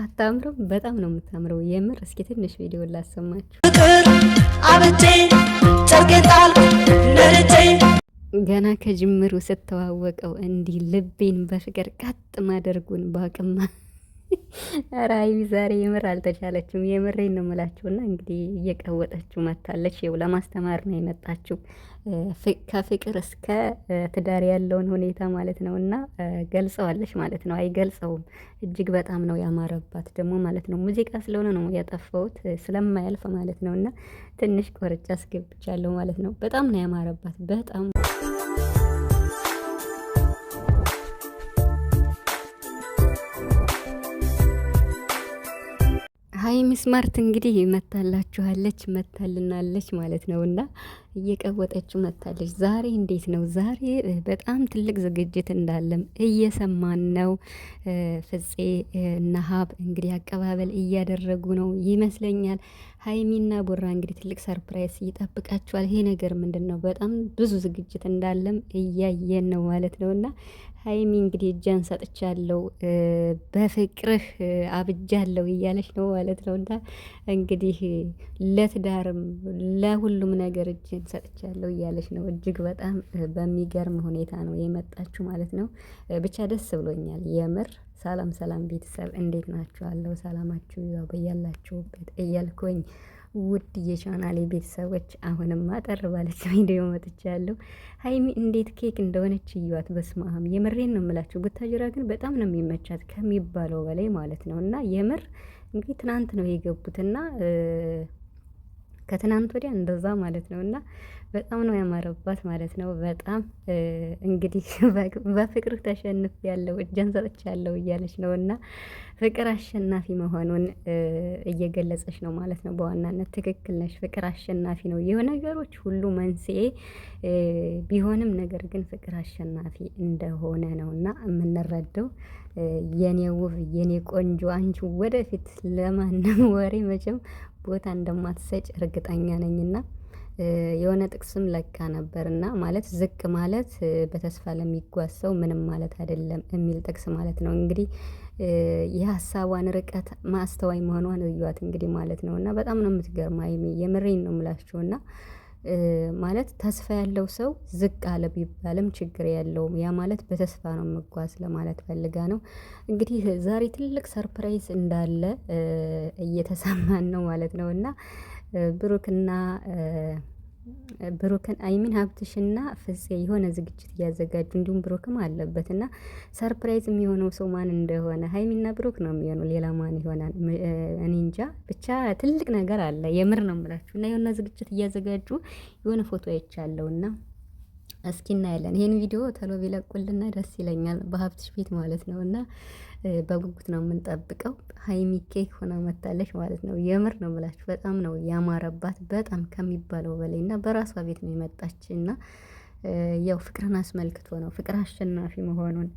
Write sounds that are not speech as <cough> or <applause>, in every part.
አታምረው? በጣም ነው የምታምረው። የምር እስኪ ትንሽ ቪዲዮ ላሰማችሁ። ገና ከጅምሩ ስተዋወቀው እንዲህ ልቤን በፍቅር ቀጥ ማደርጉን ባቅማ ኧረ ሀይሚ ዛሬ የምር አልተቻለችም። የምሬን ነው የምላችሁና እንግዲህ እየቀወጠችው መታለች። ይኸው ለማስተማር ነው የመጣችው ከፍቅር እስከ ትዳር ያለውን ሁኔታ ማለት ነው። እና ገልጸዋለች ማለት ነው። አይገልጸውም እጅግ በጣም ነው ያማረባት ደግሞ ማለት ነው። ሙዚቃ ስለሆነ ነው ያጠፋሁት ስለማያልፍ ማለት ነው። እና ትንሽ ቆርጫ አስገብቻለሁ ማለት ነው። በጣም ነው ያማረባት በጣም Bye. ማርት እንግዲህ መታላችኋለች መታልናለች ማለት ነው እና እየቀወጠችው መታለች። ዛሬ እንዴት ነው? ዛሬ በጣም ትልቅ ዝግጅት እንዳለም እየሰማን ነው። ፍፄ እና ሀብ እንግዲህ አቀባበል እያደረጉ ነው ይመስለኛል። ሀይሚና ቦራ እንግዲህ ትልቅ ሰርፕራይዝ ይጠብቃችኋል። ይሄ ነገር ምንድን ነው? በጣም ብዙ ዝግጅት እንዳለም እያየን ነው ማለት ነው እና ሀይሚ እንግዲህ እጃን ሰጥቻለው በፍቅርህ አብጃለው እያለች ነው ማለት ነው። እና እንግዲህ ለትዳርም ለሁሉም ነገር እጅን ሰጥቻለሁ እያለች ነው። እጅግ በጣም በሚገርም ሁኔታ ነው የመጣችሁ ማለት ነው። ብቻ ደስ ብሎኛል የምር። ሰላም ሰላም ቤተሰብ እንዴት ናችኋለሁ? ሰላማችሁ ያው በያላችሁበት እያልኩኝ ውድ የቻናሌ ቤተሰቦች አሁንም አጠር ባለች ቪዲዮ መጥቻለሁ። ሀይሚ እንዴት ኬክ እንደሆነች እዩዋት። በስማም የምሬን ነው የምላችሁ። ቡታጅራ ግን በጣም ነው የሚመቻት ከሚባለው በላይ ማለት ነው እና የምር እንግዲህ ትናንት ነው የገቡትና ከትናንት ወዲያ እንደዛ ማለት ነው። እና በጣም ነው ያማረባት ማለት ነው። በጣም እንግዲህ በፍቅር ተሸንፍ ያለው እጄን ያለው እያለች ነው። እና ፍቅር አሸናፊ መሆኑን እየገለጸች ነው ማለት ነው። በዋናነት ትክክል ነሽ። ፍቅር አሸናፊ ነው። የነገሮች ሁሉ መንስኤ ቢሆንም ነገር ግን ፍቅር አሸናፊ እንደሆነ ነው እና የምንረዳው የኔ ውብ የኔ ቆንጆ አንቺ ወደፊት ለማንም ወሬ መቼም ቦታ እንደማትሰጭ እርግጠኛ ነኝና የሆነ ጥቅስም ለካ ነበርና ማለት ዝቅ ማለት በተስፋ ለሚጓዝ ሰው ምንም ማለት አይደለም የሚል ጥቅስ ማለት ነው። እንግዲህ የሀሳቧን ርቀት ማስተዋይ መሆኗን እዩዋት እንግዲህ ማለት ነው። እና በጣም ነው የምትገርማ ሀይሚ የምሬን ነው የምላችሁ እና ማለት ተስፋ ያለው ሰው ዝቅ አለ ቢባልም ችግር የለውም። ያ ማለት በተስፋ ነው መጓዝ ለማለት ፈልጋ ነው። እንግዲህ ዛሬ ትልቅ ሰርፕራይዝ እንዳለ እየተሰማን ነው ማለት ነው። እና ብሩክና ብሩክን አይሚን ሀብትሽና ፍጼ የሆነ ዝግጅት እያዘጋጁ እንዲሁም ብሩክም አለበት እና ሰርፕራይዝ የሚሆነው ሰው ማን እንደሆነ ሀይሚና ብሩክ ነው የሚሆነው። ሌላ ማን ይሆናል? እኔ እንጃ። ብቻ ትልቅ ነገር አለ። የምር ነው የምላችሁ። እና የሆነ ዝግጅት እያዘጋጁ የሆነ ፎቶ አይቻለሁ አይቻለውና እስኪ እናያለን። ይህን ቪዲዮ ተሎ ቢለቁልና ደስ ይለኛል። በሀብትሽ ቤት ማለት ነው እና በጉጉት ነው የምንጠብቀው። ሀይሚ ኬክ ሆና መታለች ማለት ነው። የምር ነው ብላችሁ በጣም ነው ያማረባት፣ በጣም ከሚባለው በላይ እና በራሷ ቤት ነው የመጣች እና ያው ፍቅርን አስመልክቶ ነው ፍቅር አሸናፊ መሆኑን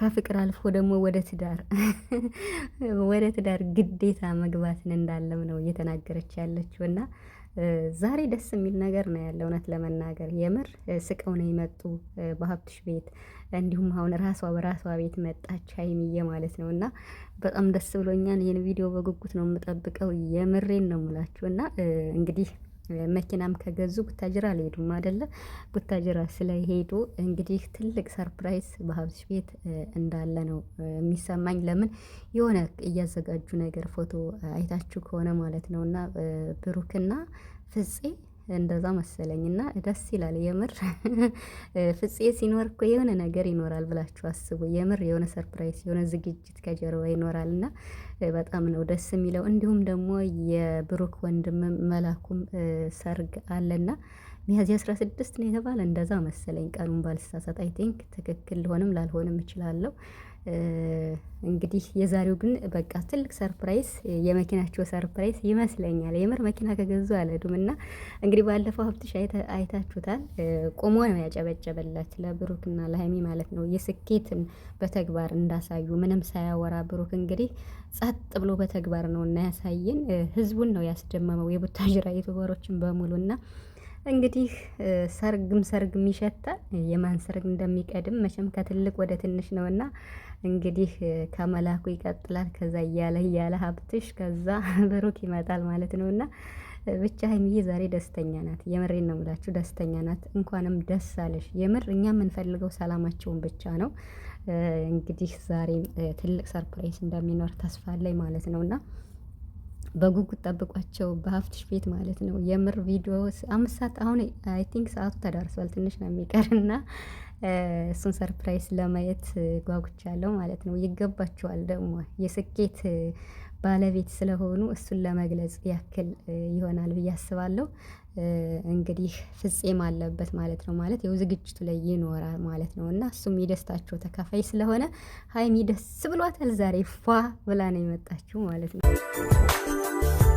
ከፍቅር አልፎ ደግሞ ወደ ትዳር ወደ ትዳር ግዴታ መግባትን እንዳለም ነው እየተናገረች ያለችው እና ዛሬ ደስ የሚል ነገር ነው ያለ። እውነት ለመናገር የምር ስቀው ነው የመጡ በሀብትሽ ቤት፣ እንዲሁም አሁን ራሷ በራሷ ቤት መጣች ሀይሚዬ ማለት ነው። እና በጣም ደስ ብሎኛል። ይህን ቪዲዮ በጉጉት ነው የምጠብቀው። የምሬን ነው ምላችሁ እና እንግዲህ መኪናም ከገዙ ቡታጅራ አልሄዱም አይደለ? ቡታጅራ ስለሄዱ እንግዲህ ትልቅ ሰርፕራይዝ በሀብትሽ ቤት እንዳለ ነው የሚሰማኝ። ለምን የሆነ እያዘጋጁ ነገር ፎቶ አይታችሁ ከሆነ ማለት ነው እና ብሩክና ፍፄ እንደዛ መሰለኝ እና ደስ ይላል የምር <laughs> ፍፄ ሲኖር እኮ የሆነ ነገር ይኖራል ብላችሁ አስቡ። የምር የሆነ ሰርፕራይዝ የሆነ ዝግጅት ከጀርባ ይኖራል እና በጣም ነው ደስ የሚለው። እንዲሁም ደግሞ የብሩክ ወንድም መላኩም ሰርግ አለና ሚያዝያ አስራ ስድስት ነው የተባለ እንደዛ መሰለኝ ቀኑን ባልሳሳት አይ ቲንክ ትክክል ልሆንም ላልሆንም እችላለሁ። እንግዲህ የዛሬው ግን በቃ ትልቅ ሰርፕራይዝ የመኪናቸው ሰርፕራይዝ ይመስለኛል። የምር መኪና ከገዙ አለዱም እና እንግዲህ ባለፈው ሀብትሽ አይታችሁታል። ቆሞ ነው ያጨበጨበላት ለብሩክና ለሀይሚ ማለት ነው። የስኬትን በተግባር እንዳሳዩ ምንም ሳያወራ ብሩክ እንግዲህ ጸጥ ብሎ በተግባር ነው እና ያሳየን። ህዝቡን ነው ያስደመመው የቡታጅራ ዩቱበሮችን እና እንግዲህ ሰርግም ሰርግም ይሸታል። የማን ሰርግ እንደሚቀድም መቼም ከትልቅ ወደ ትንሽ ነውና እንግዲህ ከመላኩ ይቀጥላል። ከዛ እያለ እያለ ሀብትሽ ከዛ <laughs> ብሩክ ይመጣል ማለት ነው። እና ብቻ ሀይሚዬ ዛሬ ደስተኛ ናት። የምሬን ነው የምላችሁ፣ ደስተኛ ናት። እንኳንም ደስ አለሽ። የምር እኛ የምንፈልገው ሰላማቸውን ብቻ ነው። እንግዲህ ዛሬ ትልቅ ሰርፕራይዝ እንደሚኖር ተስፋ አለኝ ማለት ነው እና በጉጉት ጠብቋቸው በሀፍትሽ ቤት ማለት ነው። የምር ቪዲዮ አምስት ሰዓት አሁን አይ ቲንክ ሰዓቱ ተዳርሷል። ትንሽ ነው የሚቀር እና እሱን ሰርፕራይዝ ለማየት ጓጉቻለሁ ማለት ነው። ይገባቸዋል ደግሞ የስኬት ባለቤት ስለሆኑ እሱን ለመግለጽ ያክል ይሆናል ብዬ አስባለሁ። እንግዲህ ፍጼም አለበት ማለት ነው። ማለት ያው ዝግጅቱ ላይ ይኖራል ማለት ነው። እና እሱም የደስታቸው ተካፋይ ስለሆነ ሀይሚ ደስ ብሏታል። ዛሬ ፏ ብላ ነው የመጣችው ማለት ነው።